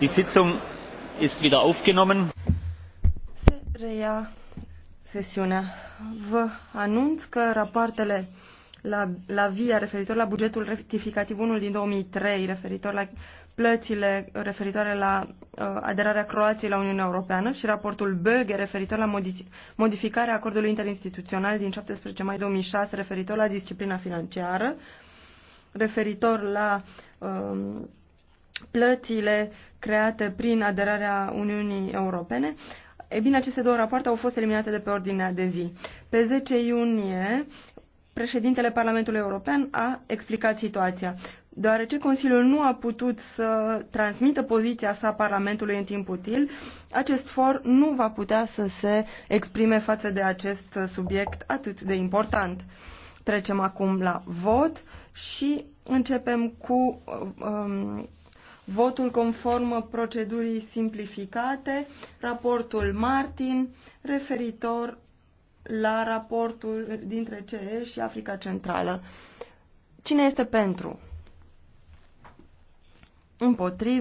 Die Sitzung ist wieder aufgenommen. Se reia sesiunea. Vă anunț că rapoartele la, la VIA referitor la bugetul rectificativ 1 din 2003, referitor la plățile referitoare la uh, aderarea Croației la Uniunea Europeană și raportul Böge referitor la modi- modificarea acordului interinstituțional din 17 mai 2006 referitor la disciplina financiară, referitor la uh, plățile create prin aderarea Uniunii Europene. E bine, aceste două rapoarte au fost eliminate de pe ordinea de zi. Pe 10 iunie, președintele Parlamentului European a explicat situația. Deoarece Consiliul nu a putut să transmită poziția sa Parlamentului în timp util, acest for nu va putea să se exprime față de acest subiect atât de important. Trecem acum la vot și începem cu um, votul conform procedurii simplificate, raportul Martin referitor la raportul dintre CE și Africa Centrală. Cine este pentru? Împotrivă?